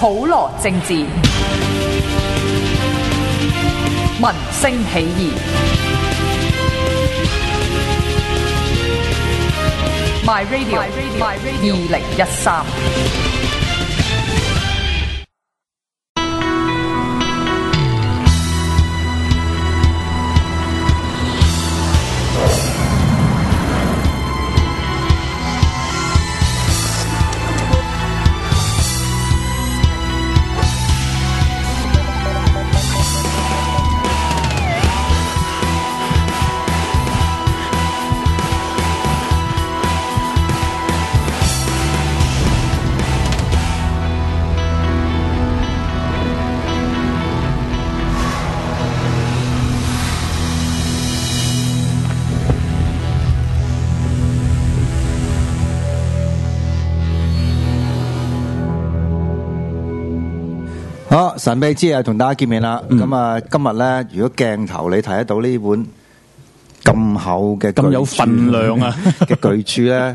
普羅政治，民聲起義，My Radio My Radio 二零一三。好，神秘之夜，同大家見面啦。咁、嗯、啊，今日咧，如果鏡頭你睇得到呢本咁厚嘅咁有份量啊嘅巨著咧，誒，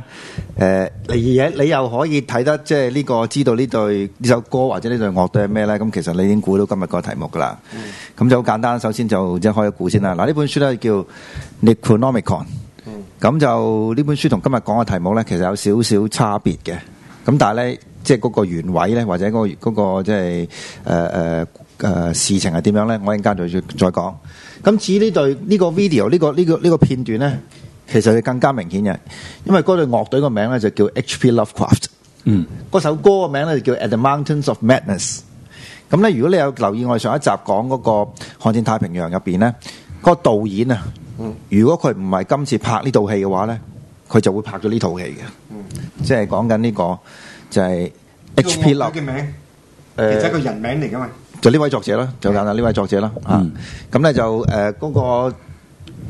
而、呃、且 你，你又可以睇得即係呢個知道呢對呢首歌或者對樂呢對樂隊係咩咧？咁其實你已經估到今日個題目噶啦。咁、嗯、就好簡單，首先就即係開一估先啦。嗱，呢本書咧叫《Necronomicon》，咁就呢本書同今日講嘅題目咧，其實有少少差別嘅。咁但係咧。即係嗰個原委咧，或者嗰、嗰個即係誒誒誒事情係點樣咧？我一陣間再再講。咁至於呢對呢、呢個 video 呢、呢個呢、呢個呢、呢個片段咧，其實係更加明顯嘅，因為嗰對樂隊個名咧就叫 H.P. Lovecraft，嗯，嗰首歌嘅名咧就叫 At the Mountains of Madness。咁咧，如果你有留意我上一集講嗰、嗰個《悍戰太平洋》入邊咧，嗰、嗰個導演啊、嗯，如果佢唔係今次拍呢呢套戲嘅話咧，佢就會拍咗呢套戲嘅、嗯，即係講緊呢個。就係 H.P. 洛嘅名，其實係一個人名嚟噶嘛。就呢位作者啦，就簡單講下呢位作者啦。啊，咁咧就誒嗰個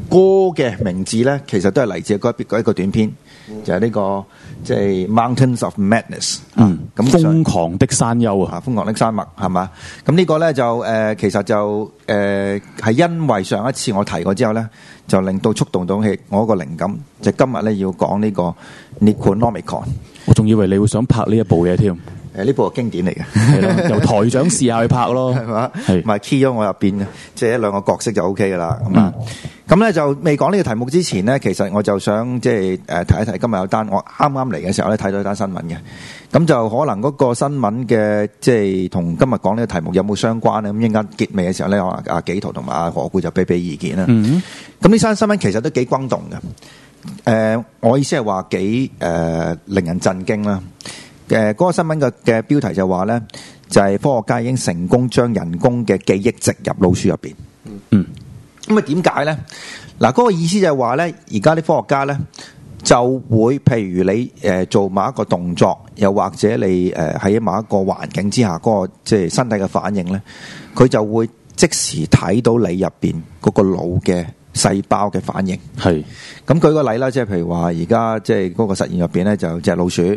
歌嘅名字咧，其實都係嚟自嗰一嗰一個短篇，就係呢個即係 Mountains of Madness。嗯，瘋狂的山丘啊，瘋狂的山脈，係嘛？咁呢個咧就誒其實就誒係因為上一次我提過之後咧，就令到觸動到我一個靈感，就今日咧要講呢個 Necronomicon。我仲以為你會想拍呢一部嘢添？誒，呢部係經典嚟嘅， 由台長試下去拍咯，係嘛？係咪 key 咗我入邊嘅？即係一兩個角色就 OK 噶啦。咁、嗯、啊，咁咧就未講呢個題目之前咧，其實我就想即係誒睇一睇今日有單我啱啱嚟嘅時候咧睇到一單新聞嘅。咁就可能嗰個新聞嘅即係同今日講呢個題目有冇相關咧？咁一陣間結尾嘅時候咧，可能阿紀陶同埋阿何故就俾俾意見啦。咁呢單新聞其實都幾轟動嘅。誒、呃，我意思係話幾誒、呃、令人震驚啦。誒、呃，嗰、那個新聞嘅嘅標題就話呢就係、是、科學家已經成功將人工嘅記憶植入老鼠入邊。嗯，咁啊點解呢？嗱、呃，嗰、那個意思就係話呢而家啲科學家呢，就會，譬如你誒、呃、做某一個動作，又或者你誒喺某一個環境之下，嗰、那個即係身體嘅反應呢，佢就會即時睇到你入邊嗰個腦嘅。細胞嘅反應係咁，舉個例啦，即係譬如話，而家即係嗰個實驗入邊咧，就有隻老鼠咁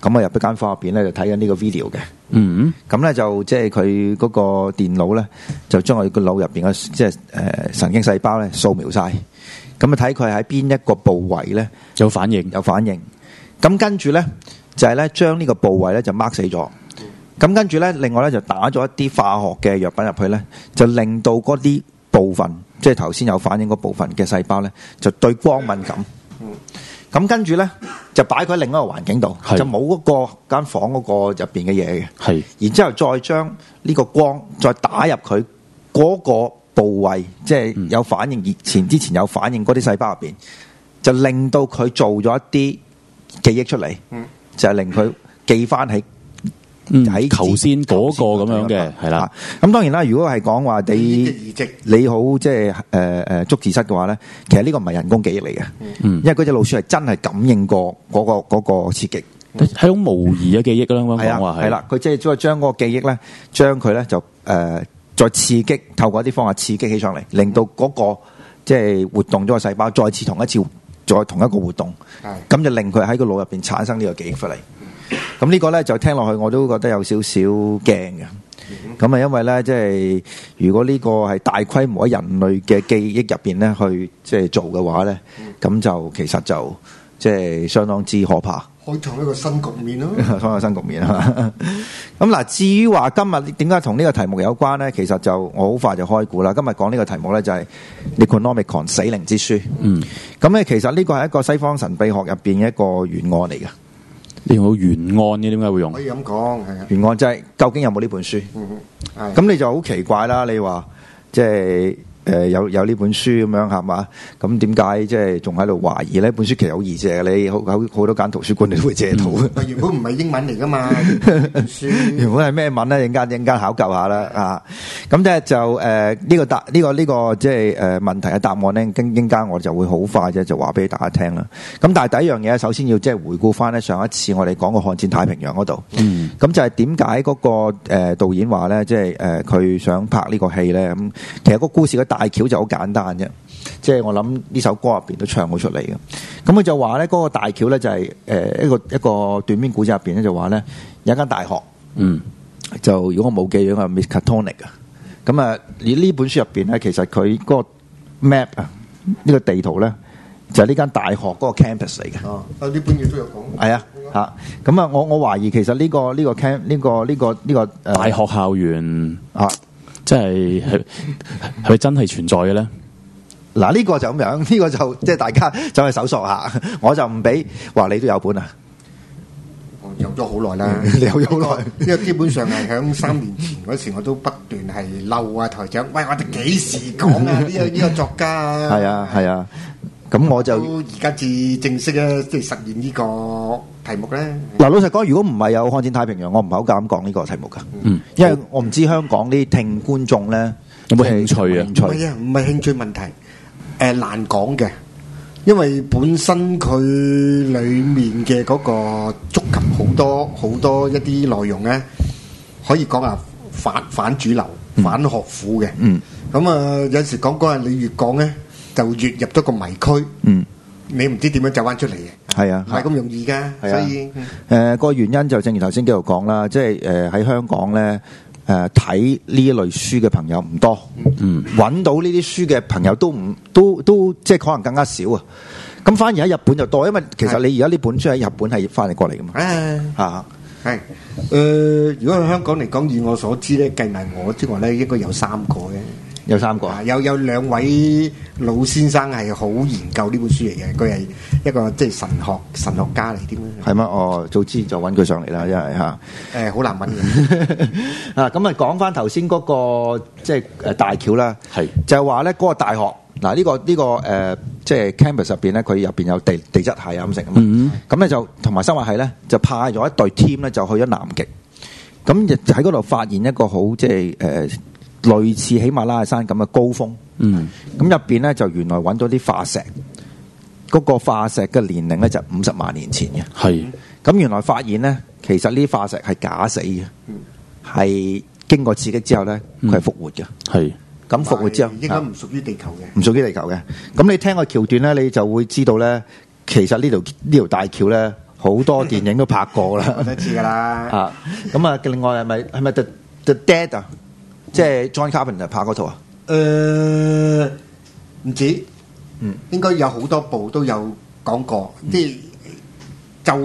啊，入一間房入邊咧，就睇緊呢個 video 嘅。嗯，咁咧就即係佢嗰個電腦咧，就將佢個腦入邊嘅即係誒神經細胞咧掃描曬，咁啊睇佢喺邊一個部位咧有反應，有反應。咁跟住咧就係咧將呢個部位咧就 mark 死咗，咁跟住咧另外咧就打咗一啲化學嘅藥品入去咧，就令到嗰啲部分，即係頭先有反應嗰部分嘅細胞咧，就對光敏感。嗯，咁跟住咧就擺佢喺另一個環境度，就冇嗰個間房嗰個入邊嘅嘢嘅。係，然之後再將呢個光再打入佢嗰個部位，即係有反應，以前之前有反應嗰啲細胞入邊，就令到佢做咗一啲記憶出嚟，就係令佢記翻起。喺頭先嗰個咁樣嘅，係啦。咁當然啦，如果係講話你你好，即係誒誒捉字蝨嘅話咧，其實呢個唔係人工記憶嚟嘅、嗯，因為嗰隻老鼠係真係感應過嗰、嗰個嗰個刺激，係、嗯、種模擬嘅記憶啦。係啊，係啦，佢即係即係將嗰個記憶咧，將佢咧就誒、呃、再刺激，透過一啲方法刺激起上嚟，令到嗰、嗰個即係、就是、活動咗個細胞，再次同一次再同一個活動，咁就令佢喺個腦入邊產生呢個記憶出嚟。咁呢個咧就聽落去我都覺得有少少驚嘅，咁、mm-hmm. 啊因為咧即係如果呢個係大規模喺人類嘅記憶入邊咧去即係、就是、做嘅話咧，咁、mm-hmm. 就其實就即係、就是、相當之可怕，開創一個新局面咯，開 創新局面啊！咁、mm-hmm. 嗱， 至於話今日點解同呢個題目有關咧？其實就我好快就開估啦。今日講呢個題目咧就係、是《Necronomicon》—— mm-hmm.「死靈之書」，嗯，咁咧其實呢個係一個西方神秘學入邊嘅一個懸案嚟嘅。你用到原案嘅，點解會用？可以咁講，係啊。原案就係究竟有冇呢本書？嗯嗯，係。咁你就好奇怪啦！你話即係。就是誒、呃，有有呢本書咁樣係嘛？咁點解即係仲喺度懷疑呢本書其實好易借，你好好好多間圖書館你都會借到，嗯 原本唔係英文嚟㗎嘛？書 原本係咩文咧？陣間陣間考究下啦，嗯、啊！咁即係就誒呢、呃這個答呢、這個呢、這個即係誒問題嘅答案咧，跟陣間我就會好快啫，就話俾大家聽啦。咁但係第一樣嘢咧，首先要即係回顧翻咧上一次我哋講個悍戰太平洋嗰度。咁、嗯、就係點解嗰個誒導演話咧，即係誒佢想拍呢個戲咧？咁其實個故事嘅大橋就好簡單啫，即、就、係、是、我諗呢首歌入邊都唱到出嚟嘅。咁佢就話咧，嗰個大橋咧就係誒一個一個,一個短篇古仔入邊咧，就話咧有一間大學，嗯，就如果我冇記錯嘅 Miskatonic 啊。咁啊，喺呢本書入邊咧，其實佢嗰個 map 啊，呢個地圖咧，就係呢間大學嗰個 campus 嚟嘅。啊呢、啊、本嘢都有講。係啊，嚇、啊！咁啊，我我懷疑其實呢、呢個呢、呢個 camp 呢、呢個呢、呢個呢、呢個、啊、大學校園啊。即係係係咪真係存在嘅咧？嗱，呢個就咁樣，呢、呢個就即係大家走去搜索下，我就唔俾話你都有本啊！我有咗好耐啦， 你有咗好耐，因為基本上係響三年前嗰時候，我都不斷係嬲啊台長，喂，我哋幾時講啊？呢個呢個作家係啊，係啊係啊。咁我就而家至正式咧，即係實現呢個題目咧。嗱，老實講，如果唔係有悍戰太平洋，我唔係好敢講呢個題目噶。嗯，因為我唔知香港啲聽觀眾咧有冇興趣啊？唔係啊，唔係興趣問題。誒，難講嘅，因為本身佢裏面嘅嗰個觸及好多好多一啲內容咧，可以講啊反反主流、反學府嘅。嗯，咁啊，有時講講下，你越講咧。就越入咗個迷區，嗯，你唔知點樣走翻出嚟嘅，係啊，唔係咁容易噶、啊，所以，誒、嗯呃那個原因就正如頭先繼續講啦，即係誒喺香港咧，誒睇呢一類書嘅朋友唔多，嗯，揾到呢啲書嘅朋友都唔都都即係可能更加少啊，咁反而喺日本就多，因為其實你而家呢本書喺日本係翻譯過嚟噶嘛，係、啊，誒、啊啊呃、如果喺香港嚟講，以我所知咧，計埋我之外咧，應該有三個嘅。有三個，啊、有有兩位老先生係好研究呢本書嚟嘅，佢係一個即係神學神學家嚟添。係嗎？哦，早知道就揾佢上嚟啦，因係嚇。誒，好難揾嘅。啊，咁、嗯 嗯、 啊，講翻頭先嗰個即係誒大橋啦，係就係話咧嗰個大學嗱，呢、啊這個呢、這個誒，即、呃、係、就是、campus 入邊咧，佢入邊有地地質系啊，咁剩啊咁咧就同埋生物系咧，就派咗一隊 team 咧，就去咗南極，咁日喺嗰度發現一個好即係誒。呃類似喜馬拉雅山咁嘅高峰，咁入邊咧就原來揾到啲化石，嗰、那個化石嘅年齡咧就五十萬年前嘅。係，咁原來發現咧，其實呢化石係假死嘅，係、嗯、經過刺激之後咧，佢係復活嘅。係，咁復活之後，應該唔屬於地球嘅，唔屬於地球嘅。咁你聽個橋段咧，你就會知道咧，其實呢條呢條大橋咧，好多電影都拍過啦。 都知噶啦。咁啊，另外係咪係咪 The The Dead 啊？即係 John Carpenter 拍嗰套啊？誒、呃，唔止，嗯，應該有好多部都有講過。即、嗯、係、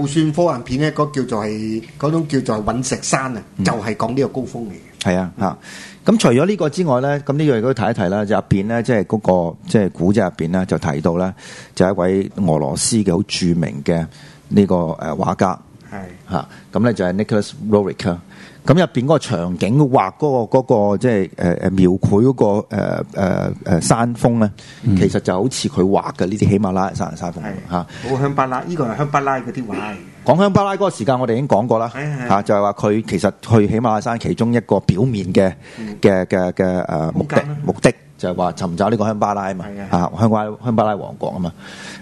就是、就算科幻片咧，嗰、那個、叫做係嗰種叫做隕石山啊、嗯，就係、是、講呢個高峰嚟嘅。係啊，嚇、嗯！咁、啊、除咗呢個之外咧，咁呢樣亦都睇一睇啦。入邊咧，即係嗰個即係古籍入邊咧，就提到咧，就是、一位俄羅斯嘅好著名嘅呢、這個誒、呃、畫家。係嚇，咁、啊、咧就係 Nicholas Roerick。咁入面個個場景畫嗰、嗰個嗰即係誒誒描繪嗰、嗰個誒誒、呃呃、山峰咧、嗯，其實就好似佢畫嘅呢啲喜馬拉雅山山峰。好、啊、香巴拉，呢、呢個係香巴拉嗰啲畫。講香巴拉嗰個時間，我哋已經講過啦、啊、就係話佢其實去喜馬拉雅山其中一個表面嘅嘅嘅嘅誒目的，、嗯的，的，的呃、目的。目的就係、是、話尋找呢個香巴拉啊嘛，啊香巴拉香巴拉王國啊嘛。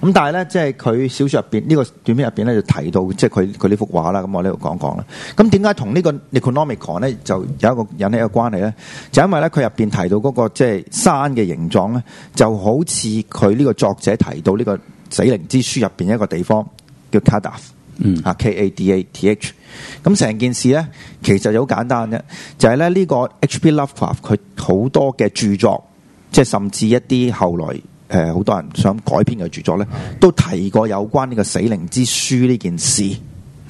咁、嗯、但係咧，即係佢小説入邊呢個短篇入邊咧，就提到即係佢佢呢幅畫啦。咁、嗯、我呢度講講啦。咁點解同呢個 Necronomicon 呢，就有一個引起一個關係咧？就因為咧，佢入邊提到嗰、那個即係、就是、山嘅形狀咧，就好似佢呢個作者提到呢個《死靈之書》入邊一個地方叫 Kadath，啊 K A D A、嗯、T H。咁、啊、成件事咧，其實就好簡單啫，就係、是、咧呢、這個 H P Lovecraft 佢好多嘅著作。即係甚至一啲後來誒，好、呃、多人想改編嘅著作咧，都提過有關呢個死靈之書呢件事。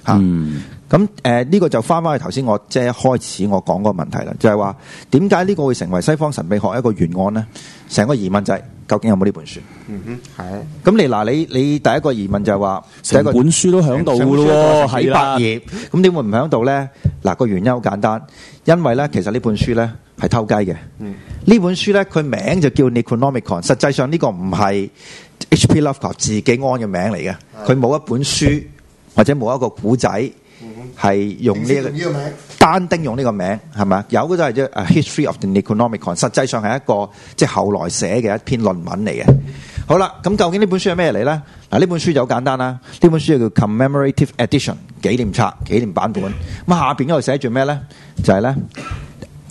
吓、嗯啊，咁誒呢個就翻翻去頭先我即係一開始我講嗰個問題啦，就係話點解呢個會成為西方神秘學一個懸案呢？成個疑問就係、是、究竟有冇呢本書？嗯哼，係。咁你嗱，你你第一個疑問就係話成本書都響度嘅喎，幾百頁，咁點會唔響度呢？嗱個原因好簡單，因為呢其實呢本書呢。係偷雞嘅。呢、嗯、本書咧，佢名就叫《Necronomicon》，實際上呢個唔係 H.P. Lovecraft 自己安嘅名嚟嘅。佢冇一本書或者冇一個古仔係用呢、這、一、個、個名字。單丁用呢個名係咪？有嘅都係即係《History of the Necronomicon》，實際上係一個即係後來寫嘅一篇論文嚟嘅、嗯。好啦，咁究竟呢本書係咩嚟咧？嗱，呢本書就好簡單啦。呢本書就叫《Commemorative Edition》紀念冊、紀念版本。咁下邊嗰度寫住咩咧？就係、是、咧。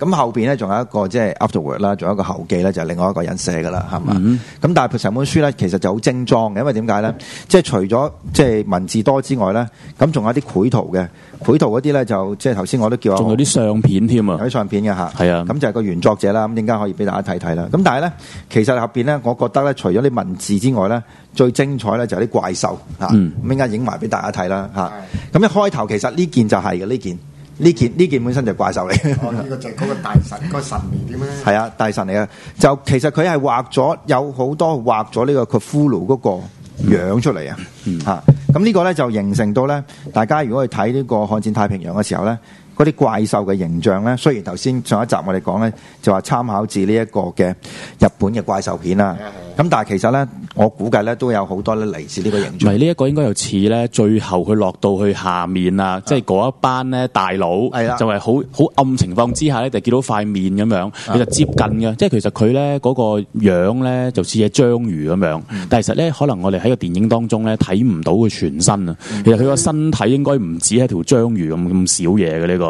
咁後邊咧仲有一個即係 afterword 啦，仲有一個後記咧，就係、是、另外一個人寫嘅啦，係嘛？咁、mm-hmm. 但係成本書咧其實就好精裝嘅，因為點解咧？即係除咗即係文字多之外咧，咁仲有啲繪圖嘅，繪圖嗰啲咧就即係頭先我都叫仲有啲相片添啊，有啲相片嘅吓，係啊，咁就係個原作者啦。咁陣間可以俾大家睇睇啦。咁但係咧，其實後邊咧，我覺得咧，除咗啲文字之外咧，最精彩咧就係啲怪獸嚇。咁陣間影埋俾大家睇啦嚇。咁、mm-hmm. 一開頭其實呢件就係嘅呢件。呢件呢件本身就怪獸嚟，嘅、哦，呢、這個就係嗰個大神，個 個神咩點咧？係、那個、啊，大神嚟嘅，就其實佢係畫咗有好多畫咗呢個佢俘虜嗰個樣出嚟、嗯、啊！咁呢個咧就形成到咧，大家如果去睇呢、這個《悍戰太平洋》嘅時候咧。嗰啲怪獸嘅形象咧，雖然頭先上一集我哋講咧，就話參考自呢一個嘅日本嘅怪獸片啦。咁但係其實咧，我估計咧都有好多咧嚟自呢個形象。唔係呢一個應該又似咧，最後佢落到去下面啊，即係嗰一班咧大佬，就係好好暗情況之下咧，就見到塊面咁樣，佢、啊、就接近嘅、啊。即係其實佢咧嗰個樣咧，就似隻章魚咁樣，嗯、但係其實咧，可能我哋喺個電影當中咧睇唔到佢全身啊、嗯。其實佢個身體應該唔止係條章魚咁咁少嘢嘅呢個。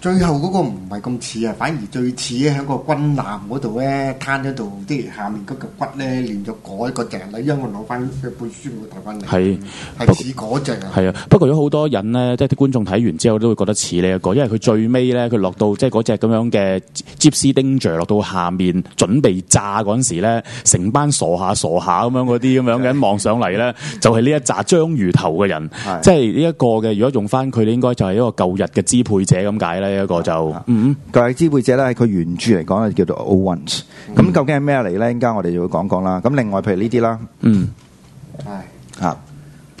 最後嗰個唔係咁似啊，反而最似咧喺個軍艦嗰度咧攤喺度啲下面嗰嚿骨咧連續改個隻、那個，因為我攞翻佢背書攞帶翻嚟。係係似嗰隻啊！係啊、那個，不過有好多人咧，即係啲觀眾睇完之後都會覺得似呢一個，因為佢最尾咧佢落到即係嗰隻咁樣嘅 Gipsy Danger 落到下面準備炸嗰陣時咧，成班傻下傻下咁樣嗰啲咁樣嘅望上嚟咧，就係、是、呢一紮章魚頭嘅人，即係呢一個嘅。如果用翻佢咧，應該就係一個舊日嘅支配者咁解咧。呢一個就、嗯，嗯，各位支會者咧，佢原著嚟講咧叫做 All o n e 咁究竟係咩嚟咧？陣間我哋就會講講啦。咁另外譬如呢啲啦，嗯，係， 啊、嗯，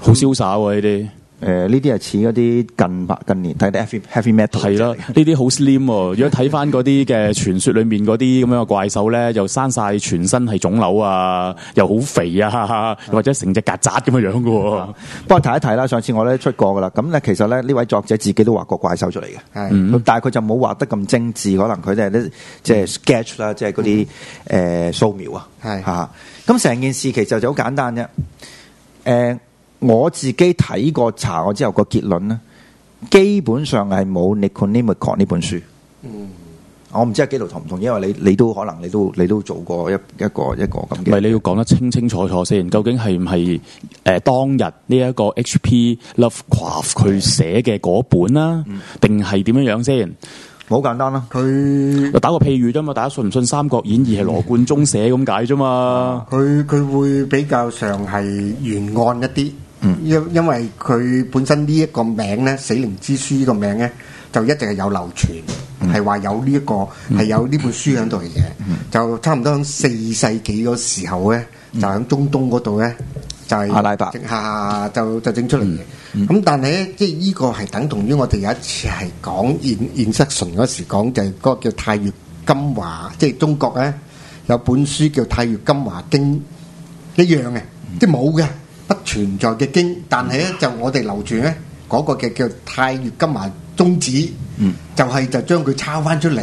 好瀟灑喎呢啲。誒、呃，呢啲係似嗰啲近百近年睇啲 heavy metal 係咯，呢啲好 slim。 這些很 如果睇翻嗰啲嘅傳說裏面嗰啲咁樣嘅怪獸咧， 又生晒全身係腫瘤啊，又好肥啊， 或者成隻曱甴咁樣樣喎。 不過提一提啦，上次我咧出過噶啦。咁咧其實咧呢位作者自己都畫過怪獸出嚟嘅，嗯、但係佢就冇畫得咁精致，可能佢哋咧即係 sketch 啦，即係嗰啲誒素描啊。係吓，咁成件事其實就好簡單啫。誒、呃。我自己睇過查過之後個結論咧，基本上係冇《Necronomicon》呢本書。嗯，我唔知阿基度同唔同意，因為你你都可能你都你都做過一個一個一個咁。唔係你要講得清清楚楚先，究竟係唔係誒當日呢一個 H.P. Lovecraft 佢寫嘅嗰本啦，定係點樣樣先？好、嗯、簡單啦，佢打個譬如啫嘛，大家信唔信《三國演義羅冠》係羅貫中寫咁解啫嘛？佢佢會比較上係原案一啲。因因為佢本身呢一個名咧《死靈之書》呢個名咧，就一直係有流傳，係話有呢一個係有呢本書喺度嘅嘢，就差唔多喺四世紀嗰時候咧，就喺中東嗰度咧，就係阿拉伯下下就就整出嚟嘅。咁但係咧，即係呢個係等同於我哋有一次係講現現失傳嗰時講，就係嗰個叫《太乙金華》，即係中國咧有本書叫《太乙金華經》，一樣嘅，即係冇嘅。不存在嘅經，但係咧就我哋流傳咧嗰個嘅叫太乙金華宗旨，就係、是、就將佢抄翻出嚟，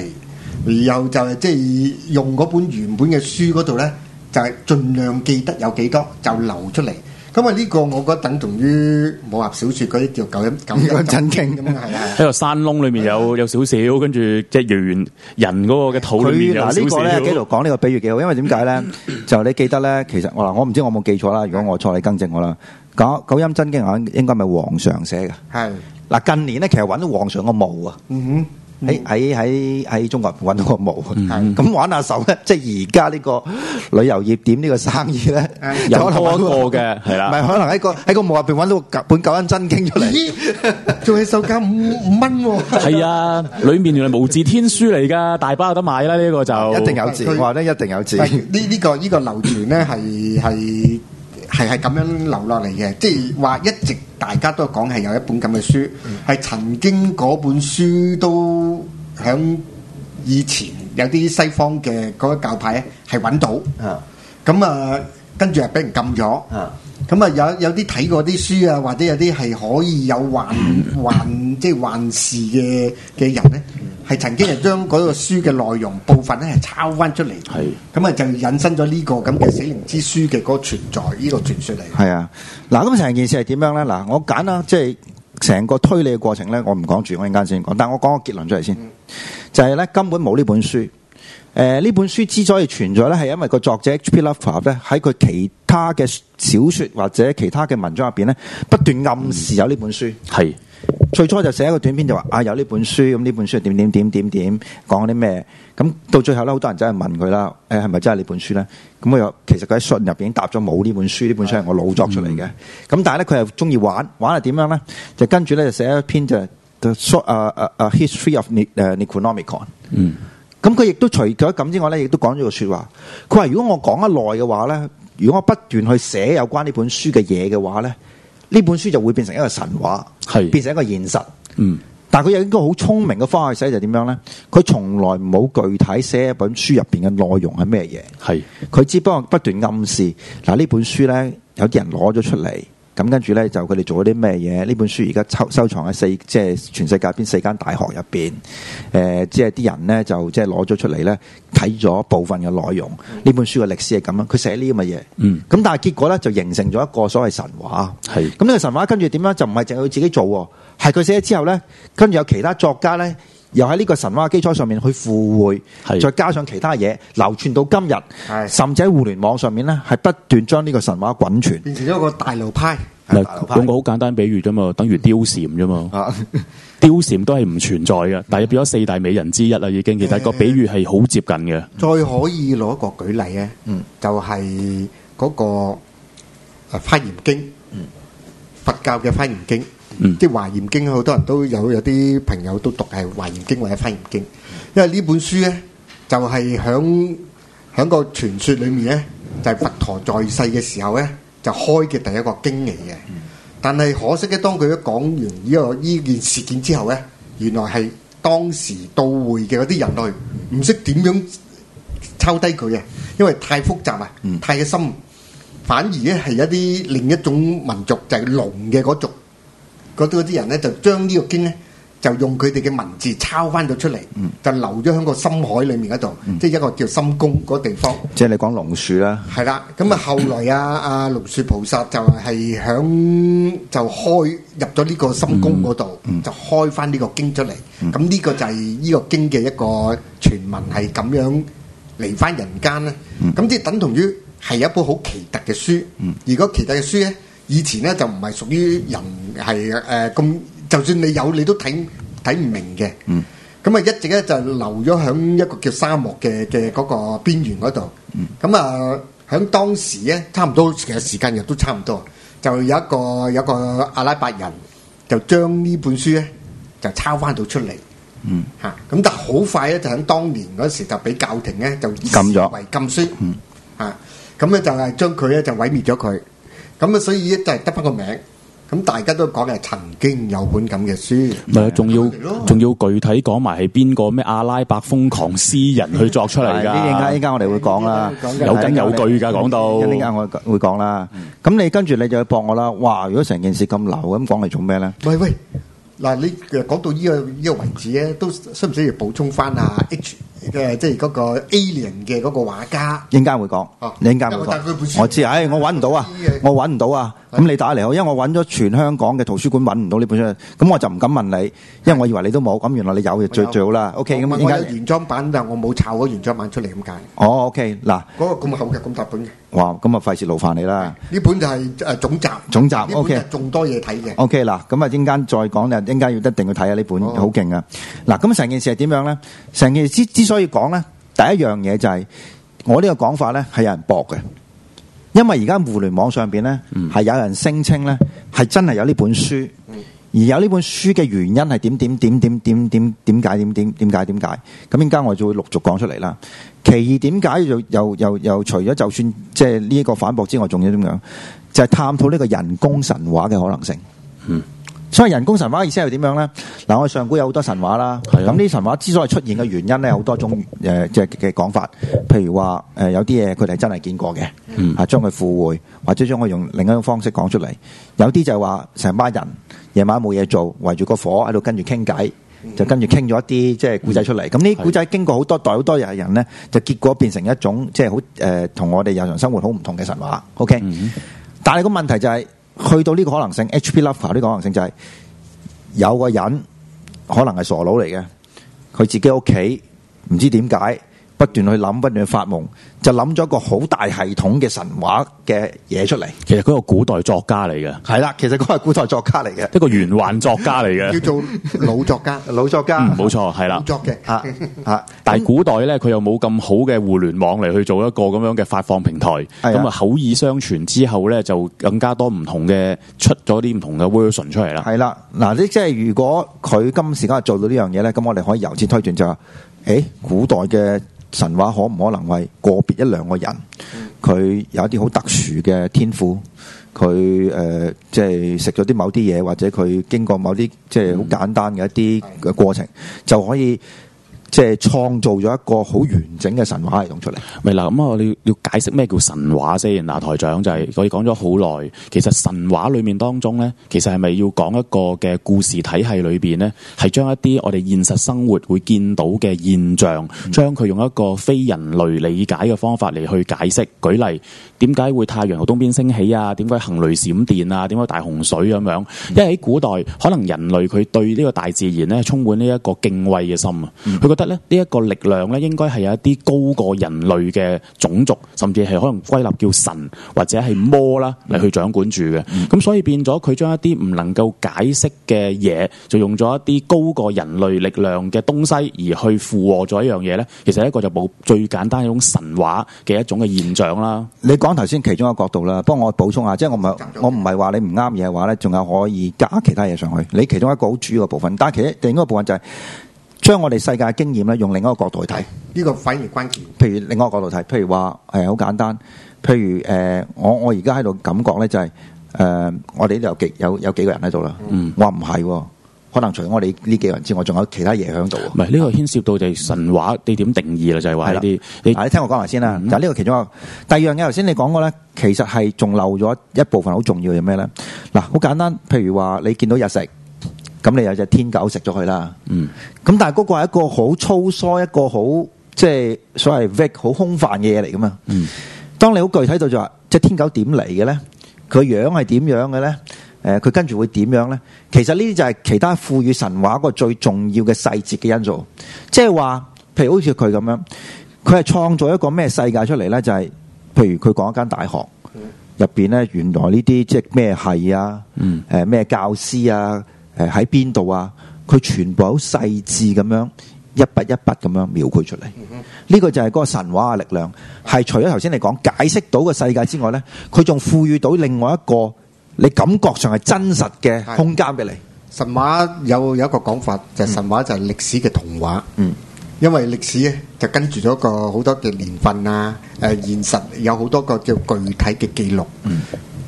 然後就係即係用嗰本原本嘅書嗰度咧，就係、是、盡量記得有幾多就流出嚟。咁啊！呢個我覺得等同於武俠小說嗰啲叫《九陰九陰真經》咁啊，喺個山窿裏面有有少少，跟住即係猿人嗰個嘅肚裏面有少少。佢嗱呢個咧，幾度講呢個比喻幾好，因為點解咧？就你記得咧，其實我我唔知我冇記錯啦。如果我錯，你更正我啦。《九陰真經》啊，應該係咪皇上寫嘅？係嗱，近年咧，其實揾到皇上個墓啊。嗯哼。喺喺喺喺中國揾到個墓，咁玩下手咧，即係而家呢個旅遊業點呢個生意咧，有可玩過嘅，係啦。唔係可能喺、那個喺個墓入邊揾到個本《九陰真經》出嚟，仲係售價五五蚊。係啊，裏、啊、面原嚟無字天書嚟噶， 大把有得買啦，呢個就一定有字，話咧一定有字。這個這個、呢呢個呢個流傳咧係係係係咁樣流落嚟嘅，即係話一。直大家都講係有一本咁嘅書，係曾經嗰本書都響以前有啲西方嘅嗰個教派係揾到，咁啊，跟住俾人禁咗。咁啊，有有啲睇過啲書啊，或者有啲係可以有幻幻即係幻視嘅嘅人咧，係曾經係將嗰個書嘅內容部分咧係抄翻出嚟。係咁啊，就引申咗呢個咁嘅《死靈之書》嘅嗰個存在呢個傳說嚟。係啊，嗱咁成件事係點樣咧？嗱，我揀啦，即係成個推理嘅過程咧，我唔講住，我陣間先講。但係我講個結論出嚟先、嗯，就係咧根本冇呢本書。誒、呃，呢本書之所以存在咧，係因為個作者 H. P. Lovecraft 咧喺佢其他嘅小說或者其他嘅文章入邊咧，不斷暗示有呢本書。係、嗯、最初就寫一個短篇就話啊，有呢本書，咁呢本書點點點點點講啲咩？咁到最後咧，好多人走去問佢啦。誒、哎，係咪真係呢本書咧？咁佢又其實佢喺信入邊已經答咗冇呢本書。呢本書係我老作出嚟嘅。咁、嗯、但係咧，佢又中意玩玩係點樣咧？就跟住咧就寫一篇就 The Sh…… 誒 History of Ne…… 誒，Economicon。嗯。咁佢亦都除咗咁之外咧，亦都講咗個說話。佢話如果我講得耐嘅話咧，如果我不斷去寫有關呢本書嘅嘢嘅話咧，呢本書就會變成一個神話，係變成一個現實。嗯，但係佢有應該好聰明嘅方式寫就點樣咧？佢從來冇具體寫一本書入邊嘅內容係咩嘢，係佢只不過不斷暗示嗱，呢本書咧有啲人攞咗出嚟。咁跟住咧就佢哋做咗啲咩嘢？呢本書而家收收藏喺四即係全世界邊四間大學入邊，誒、呃、即係啲人咧就即係攞咗出嚟咧睇咗部分嘅內容。呢、嗯、本書嘅歷史係咁樣，佢寫呢咁嘅嘢。嗯，咁但係結果咧就形成咗一個所謂神話。係，咁呢個神話跟住點樣？就唔係淨係佢自己做喎，係佢寫咗之後咧，跟住有其他作家咧。又喺呢個神話基礎上面去附會，係再加上其他嘢，流傳到今日，係甚至喺互聯網上面咧，係不斷將呢個神話滾傳，變成咗一個大路派、派。用個好簡單比喻啫嘛，等於貂蟬啫嘛，貂蟬都係唔存在嘅，嗯，但係變咗四大美人之一啦，已經。其實個比喻係好接近嘅。再可以攞一個舉例咧，嗯，就係、是、嗰個《阿華嚴經》，嗯，佛教嘅《華嚴經》。即係《華嚴經》，好多人都有，有啲朋友都讀係《華嚴經》或者《花嚴經》，因為呢本書咧就係響，響個傳説裏面咧就係佛陀在世嘅時候咧就開嘅第一個經嚟嘅。但係可惜咧，當佢一講完呢個呢件事件之後咧，原來係當時到會嘅嗰啲人類唔識點樣抄低佢啊，因為太複雜啊，太嘅深，反而咧係一啲另一種民族就係龍嘅嗰族。嗰度啲人咧就將呢個經咧就用佢哋嘅文字抄翻咗出嚟，就留咗喺個深海裡面嗰度，即係一個叫深宮嗰地方。即係你講龍樹啦，係啦。咁啊，後來啊，阿龍樹菩薩就係喺就開入咗呢個深宮嗰度，就開翻呢個經出嚟。咁呢個就係呢個經嘅一個傳聞，係咁樣嚟翻人間咧。咁即係等同於係一本好奇特嘅書。如果奇特嘅書咧。以前咧就唔係屬於人係，誒，咁，就算你有你都睇睇唔明嘅。咁啊，一直咧就留咗喺一個叫沙漠嘅嘅嗰個邊緣嗰度。咁啊，喺當時咧，差唔多其實時間亦都差唔多，就有一個有一個阿拉伯人就將呢本書咧就抄翻到出嚟。嚇！咁但係好快咧就喺當年嗰時就俾教廷咧就禁咗為禁書。嚇！咁咧就係將佢咧就毀滅咗佢。咁啊，所以咧就係得翻個名。咁大家都講係曾經有本咁嘅書，唔係仲要仲要具體講埋係邊個咩？阿拉伯瘋狂詩人去作出嚟噶？依家依家我哋會講啦，有根有據噶講到。依家我會講啦，咁你跟住你就去駁我啦。哇，如果成件事咁流咁講嚟做咩咧？喂喂，嗱，你講到依個依個位置咧，都需唔需要補充翻啊？H 嘅即係嗰個 Alien 嘅嗰個畫家，陣間會講，你陣間會講，我知，唉，我搵唔到啊，我搵唔到啊，咁你打嚟好，因為我搵咗全香港嘅圖書館搵唔到呢本書，咁我就唔敢問你，因為我以為你都冇，咁原來你有就最最好啦。O K，咁陣間，我有原裝版，但係我冇抄嗰原裝版出嚟咁解。哦，O K，嗱，嗰個咁厚嘅咁大本嘅，哇，咁啊，費事勞煩你啦。呢本就係誒總集，總集，O K，仲多嘢睇嘅。O K，嗱，咁啊陣間再講，就陣間要一定去睇吓呢本，好勁啊。嗱，咁成件事係點樣咧？成件事之之所以所以講咧，第一樣嘢就係、是、我呢個講法咧，係有人駁嘅，因為而家互聯網上邊咧係有人聲稱咧係真係有呢本書，而有呢本書嘅原因係點點點點點點點解點點點解點解？咁而家我就會陸續講出嚟啦。其二點解又又又又除咗就算即係呢個反駁之外，仲要點樣？就係、是、探討呢個人工神話嘅可能性。所以人工神話意思係點樣咧？嗱，我上古有好多神話啦。咁呢神話之所以出現嘅原因咧，有好多種誒即係嘅講法。譬如話誒有啲嘢佢哋真係見過嘅，嚇將佢附會，或者將佢用另一種方式講出嚟。有啲就係話成班人夜晚冇嘢做，圍住個火喺度跟住傾偈，就跟住傾咗一啲即係古仔出嚟。咁呢啲古仔經過好多代好多日嘅人咧，就結果變成一種即係好誒同我哋日常生活好唔同嘅神話。OK，但係個問題就係。去到呢個可能性，HP lover 呢個可能性就係、是、有個人可能係傻佬嚟嘅，佢自己屋企唔知點解。不斷去諗，不斷去發夢，就諗咗個好大系統嘅神話嘅嘢出嚟。其實嗰個古代作家嚟嘅，係啦，其實嗰個古代作家嚟嘅，一個玄幻作家嚟嘅， 叫做老作家，老作家，冇、嗯、錯，係啦，作嘅吓吓。啊、 但係古代咧，佢又冇咁好嘅互聯網嚟去做一個咁樣嘅發放平台，咁啊口耳相傳之後咧，就更加多唔同嘅出咗啲唔同嘅 version 出嚟啦。係啦，嗱，你即係如果佢今時今日做到呢樣嘢咧，咁我哋可以由此推斷就係、是：誒，古代嘅。神話可唔可能係個別一兩個人，佢有一啲好特殊嘅天賦，佢誒即係食咗啲某啲嘢，或者佢經過某啲即係好簡單嘅一啲嘅過程就可以。即係創造咗一個好完整嘅神話系統出嚟、嗯。咪嗱咁啊，我哋要解釋咩叫神話先嗱，台長就係、是、我哋講咗好耐。其實神話裡面當中咧，其實係咪要講一個嘅故事體系裏邊咧，係將一啲我哋現實生活會見到嘅現象，嗯、將佢用一個非人類理解嘅方法嚟去解釋。舉例點解會太陽喺東邊升起啊？點解行雷閃電啊？點解大洪水咁樣？因為喺古代，可能人類佢對呢個大自然咧，充滿呢一個敬畏嘅心啊，佢覺得。呢一個力量咧，應該係有一啲高過人類嘅種族，甚至係可能歸納叫神或者係魔啦嚟去掌管住嘅。咁、嗯嗯、所以變咗佢將一啲唔能夠解釋嘅嘢，就用咗一啲高過人類力量嘅東西而去附和咗一樣嘢咧。其實一個就冇最簡單一種神話嘅一種嘅現象啦。你講頭先其中一個角度啦，幫我補充下，即係我唔係我唔係話你唔啱嘢嘅話咧，仲有可以加其他嘢上去。你其中一個好主要嘅部分，但係其實另一個部分就係、是。將我哋世界經驗咧，用另一個角度去睇，呢個反而關鍵。譬如另一個角度睇，譬如話，誒，好簡單，譬如誒，我我而家喺度感覺咧就係，誒，我哋呢度有幾有有幾個人喺度啦。嗯，我話唔係，可能除咗我哋呢幾個人之外，仲有其他嘢喺度。唔係呢個牽涉到就係神話你點定義？啦，就係話呢啲。你聽我講埋先啦。就呢個其中一個第二樣嘢，頭先你講過咧，其實係仲漏咗一部分好重要嘅咩咧？嗱，好簡單，譬如話你見到日食。咁你有隻天狗食咗佢啦，咁、嗯、但係嗰個係一個好粗疏，一個好即係所謂 v 好空泛嘅嘢嚟噶嘛。嗯、當你好具體到就話，即係天狗點嚟嘅咧，佢樣係點樣嘅咧？誒、呃，佢跟住會點樣咧？其實呢啲就係其他賦予神話一個最重要嘅細節嘅因素，即係話，譬如好似佢咁樣，佢係創造一個咩世界出嚟咧？就係、是，譬如佢講一間大學入邊咧，原來呢啲即係咩係啊？誒、呃，咩教師啊？誒、呃，喺邊度啊？佢全部好細緻咁樣一筆一筆咁樣描繪出嚟。呢、嗯，呢個就係嗰個神話嘅力量，係除咗頭先你講解釋到嘅世界之外呢，佢仲賦予到另外一個你感覺上係真實嘅空間俾你、嗯。神話有有一個講法，就係、神話就係歷史嘅童話。嗯，因為歷史咧就跟住咗個好多嘅年份啊，誒、呃，現實有好多個叫具體嘅記錄。嗯。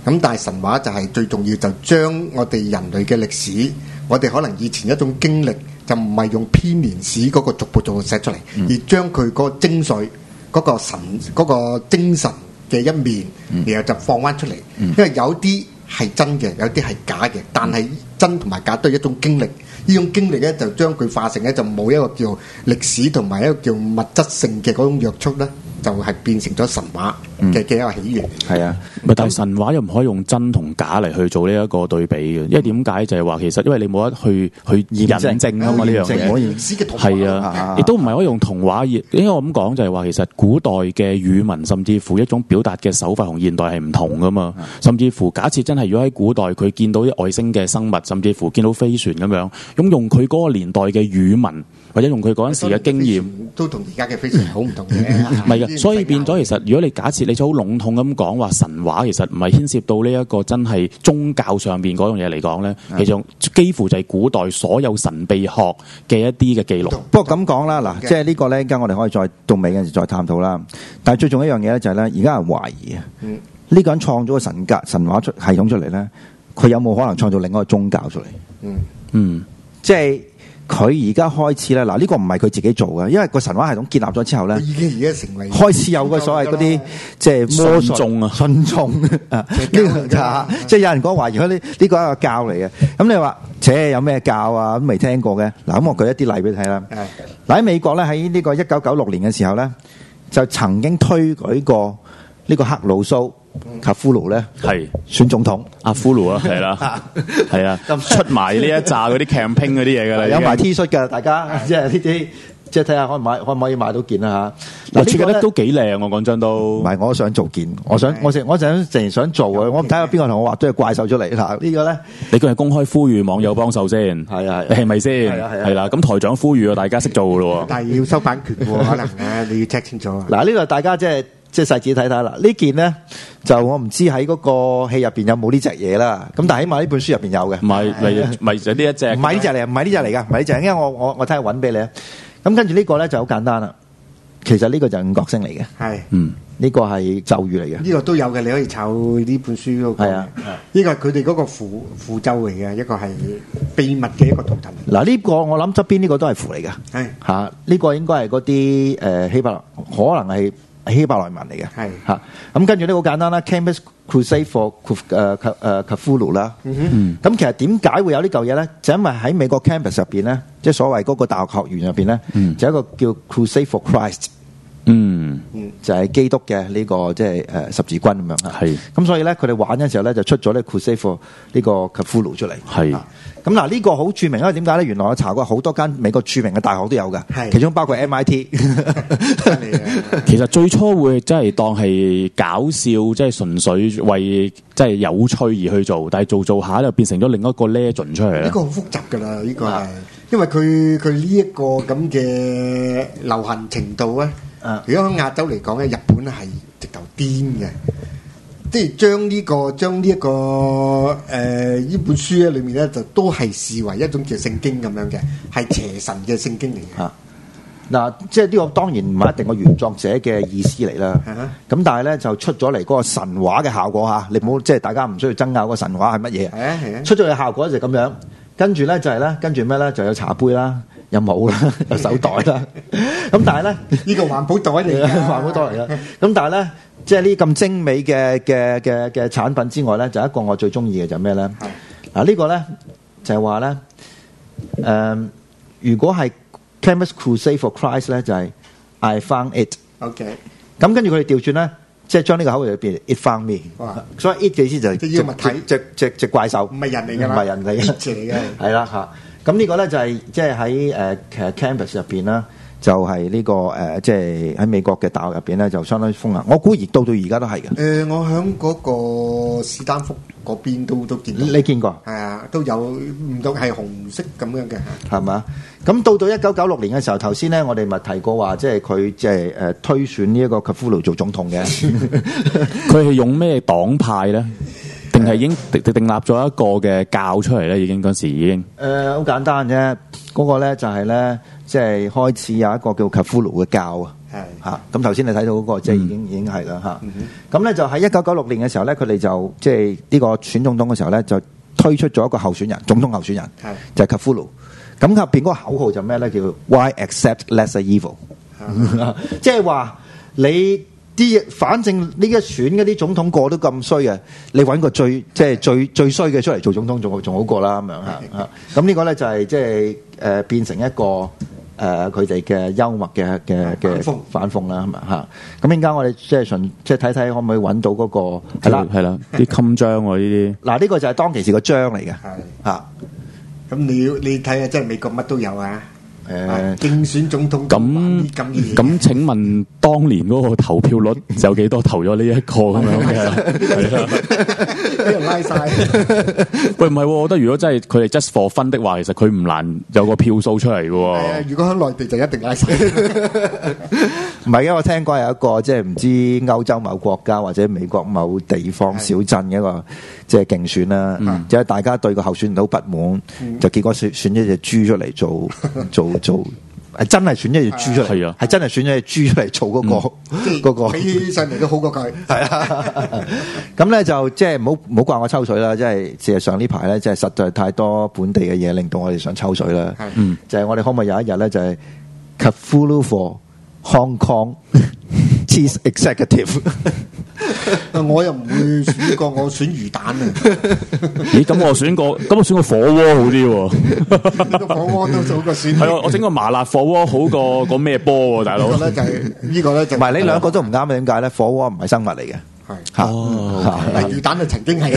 咁但係神話就係最重要，就將、是、我哋人類嘅歷史，我哋可能以前一種經歷，就唔係用編年史嗰個逐步逐步寫出嚟，而將佢個精髓、嗰、那個神、嗰、那個精神嘅一面，然後就放翻出嚟。因為有啲係真嘅，有啲係假嘅，但係真同埋假都係一種經歷。呢種經歷呢，就將佢化成呢，就冇一個叫歷史同埋一個叫物質性嘅嗰種約束咧。就係、是、變成咗神話嘅嘅一個起源，係、嗯、啊，但係神話又唔可以用真同假嚟去做呢一個對比嘅、嗯，因為點解就係話其實，因為你冇得去去驗證啊嘛呢樣嘢，係啊，亦都唔係可以用童話，啊、因為我咁講就係話，其實古代嘅語文甚至乎一種表達嘅手法同現代係唔同噶嘛、嗯，甚至乎假設真係如果喺古代佢見到啲外星嘅生物，甚至乎見到飛船咁樣，咁用佢嗰個年代嘅語文。或者用佢嗰陣時嘅經驗，都同而家嘅非常好唔同嘅。唔係嘅，所以變咗其實，如果你假設你就好籠統咁講話神話，其實唔係牽涉到呢一個真係宗教上面嗰樣嘢嚟講咧，其實幾乎就係古代所有神秘學嘅一啲嘅記錄。不過咁講啦，嗱，即係呢個咧，等陣我哋可以再到尾嗰陣時再探討啦。但係最重要一樣嘢咧，就係咧，而家人懷疑啊，呢個人創咗個神格、神話出系統出嚟咧，佢有冇可能創造另一個宗教出嚟？嗯，嗯，即係。佢而家開始咧，嗱，呢個唔係佢自己做嘅，因為個神話系統建立咗之後咧，已經而家成為開始有個所謂嗰啲即係魔宗啊、信眾啊，呢個就係即係有人講話如果呢呢個係一個教嚟嘅。咁你話，且有咩教啊？都未聽過嘅。嗱，咁我舉一啲例俾你睇啦。嗱，喺美國咧，喺呢個一九九六年嘅時候咧，就曾經推舉過呢個克魯蘇。卡夫盧咧係選總統，阿夫盧啊，係啦，係啊，出埋呢一紮嗰啲 campaign 嗰啲嘢噶啦，有埋 T 恤噶，大家即係呢啲，即係睇下可唔買，可唔可以買到件啦吓。我設計得都幾靚，我講真都，唔係，我想做件，我想我成我成日成日想做嘅，我唔睇下邊個同我畫咗隻怪獸出嚟嗱，呢個咧，你叫佢公開呼籲網友幫手先，係啊，係咪先係啊，係啦，咁台長呼籲啊，大家識做噶咯，但係要收版權噶，可能咧你要 check 清楚啊。嗱，呢個大家即係。即係細子睇睇啦。件呢件咧就我唔知喺嗰個戲入邊有冇呢隻嘢啦。咁但係起碼呢本書入邊有嘅。唔係，嚟唔係就呢一隻。唔係呢隻嚟，唔係呢隻嚟嘅，唔係呢隻。因為我我我睇下揾俾你。咁跟住呢個咧就好簡單啦。其實呢個就五角星嚟嘅。係、這個，嗯，呢個係咒語嚟嘅。呢個都有嘅，你可以抄呢本書嗰個。係啊，呢、這個係佢哋嗰個符符咒嚟嘅，一個係秘密嘅一個圖騰。嗱呢、這個我諗側邊呢個都係符嚟嘅。係，吓、啊、呢、這個應該係嗰啲誒希伯，可能係。希伯來文嚟嘅，係嚇，咁跟住咧好簡單啦。Campus Crusade for 誒誒卡夫魯啦，咁、嗯嗯嗯嗯嗯、其實點解會有這個東西呢嚿嘢咧？就是、因為喺美國 campus 入邊咧，即、就、係、是、所謂嗰個大學學院入邊咧，就一個叫 Crusade for Christ，嗯，就係、是、基督嘅呢、這個即係誒十字軍咁樣、嗯、啊。咁所以咧，佢哋玩嘅時候咧，就出咗呢 Crusade for 呢個卡夫魯出嚟係。咁嗱，呢個好著名，因為點解咧？原來我查過好多間美國著名嘅大學都有㗎，其中包括 MIT。其實最初會真係當係搞笑，即係純粹為即係有趣而去做，但係做做下就變成咗另一個 legend 出嚟咧。呢個好複雜㗎啦，呢個係因為佢佢呢一個咁嘅流行程度咧。如果喺亞洲嚟講咧，日本係直頭癲嘅。即係將呢個將呢一個誒呢、呃、本書咧裏面咧就都係視為一種叫聖經咁樣嘅，係邪神嘅聖經嚟。吓嗱，即係呢個當然唔係一定個原作者嘅意思嚟啦。咁、啊、但係咧就出咗嚟嗰個神話嘅效果吓，你唔好即係大家唔需要爭拗個神話係乜嘢。係啊係啊，出咗嘅效果就係咁樣。跟住咧就係、是、咧，跟住咩咧就有茶杯啦，有帽啦， 有手袋啦。咁但係咧呢、這個環保袋嚟嘅、啊，環 保袋嚟嘅。咁但係咧。 即係呢啲咁精美嘅嘅嘅嘅產品之外咧，就一個我最中意嘅就咩咧？嗱，呢個咧就係話咧，誒，如果係 Campus Crusade for Christ 咧，就係 I found it。OK。咁跟住佢哋調轉咧，即係將呢個口號裏邊，It found me。哇！所以 It 嘅意思就係隻物體、隻隻隻怪獸，唔係人嚟㗎啦，唔係人嚟嘅，係啦嚇。咁呢個咧就係即係喺誒其實 Campus 入邊啦。就係呢個誒，即係喺美國嘅大學入邊咧，就相當風行。我估而到到而家都係嘅。誒，我喺嗰個史丹福嗰邊都都見，你見過？係啊，都有唔同係紅色咁樣嘅嚇。係嘛？咁到到一九九六年嘅時候，頭先咧，我哋咪提過話，即係佢即係誒推選呢一個卡夫勞做總統嘅。佢係用咩黨派咧？定係已經定定立咗一個嘅教出嚟咧？已經嗰時已經。誒，好簡單啫。嗰個咧就係咧。即係開始有一個叫卡夫魯嘅教啊，嚇咁頭先你睇到嗰、那個、嗯、即係已經已經係啦嚇。咁、啊、咧、嗯、就喺一九九六年嘅時候咧，佢哋就即係呢個選總統嘅時候咧，就推出咗一個候選人，總統候選人，是就係卡夫魯。咁入邊嗰個口號就咩咧？叫 Why accept less evil？即係話你啲反正呢一選嗰啲總統過都咁衰啊。你揾個最即係最最衰嘅出嚟做總統仲好，仲好過啦咁樣嚇。咁、啊啊、呢個咧就係即係誒變成一個。誒佢哋嘅幽默嘅嘅嘅反諷，啊嗯、那個、啦，係咪嚇？咁陣間我哋即係純即係睇睇可唔可以揾到嗰個係啦係啦啲襟章喎，呢啲嗱，呢個就係當其時個章嚟嘅係嚇，咁、啊、你你睇下即係美國乜都有啊！誒、嗯，競選總統咁咁、嗯嗯，請問當年嗰個投票率有幾多投、這個？投咗呢一個咁樣嘅，俾 人拉晒。 喂，唔係，我覺得如果真係佢哋 just for 分的話，其實佢唔難有個票數出嚟嘅、哦。如果喺內地就一定拉晒 唔係因為我聽過有一個即係唔知歐洲某國家或者美國某地方小鎮嘅一個。即係競選啦，即、就、係、是、大家對個候選人好不滿，就結果選選咗隻豬出嚟做做做，係真係選咗隻豬出嚟，係、那個嗯那個、 是啊，係真係選咗隻豬出嚟做嗰個，即係嗰個比細明都好過佢，係啊，咁咧就即係唔好唔好怪我抽水啦，即係事實上呢排咧，即、就、係、是、實在太多本地嘅嘢令到我哋想抽水啦。就係我哋可唔可以有一日咧，就係、是、Cthulhu for Hong Kong。 Chief executive， 我又唔會選過，我選魚蛋啊！ 咦，咁我選個，咁我選個火鍋好啲喎、哦，火 鍋都過 過好過選。係我整個麻辣火鍋好過個咩波喎，大佬。呢個咧就唔係你兩個都唔啱，點解咧？火鍋唔係生物嚟嘅。係，吓，魚蛋就曾經係，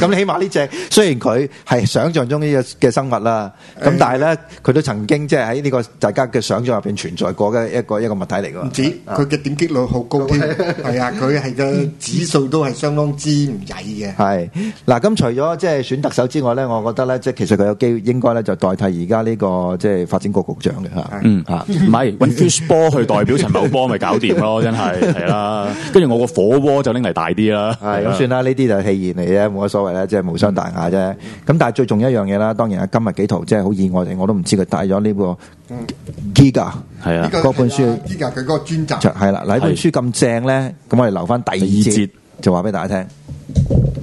咁你起碼呢隻雖然佢係想象中呢隻嘅生物啦，咁但係咧佢都曾經即係喺呢個大家嘅想象入邊存在過嘅一個一個物體嚟噶。唔止，佢嘅點擊率好高添，係啊，佢係個指數都係相當之唔曳嘅。係，嗱，咁除咗即係選特首之外咧，我覺得咧，即係其實佢有機會應該咧就代替而家呢個即係發展局局長嘅吓，嗯啊，唔係搵 fishball 去代表陳茂波咪搞掂咯，真係係啦。跟住我個火鍋就拎嚟，大啲啦，係、啊、咁算啦，呢啲就係戲言嚟嘅，冇乜所謂啦，即係無傷大雅啫。咁、嗯、但係最重要一樣嘢啦，當然今日幾圖即係好意外嘅，我都唔知佢帶咗呢個 Giga，係啊，嗰本書、啊、Giga 佢嗰個專集係啦，嗱，呢本書咁正咧，咁我哋留翻第二節就話俾大家聽。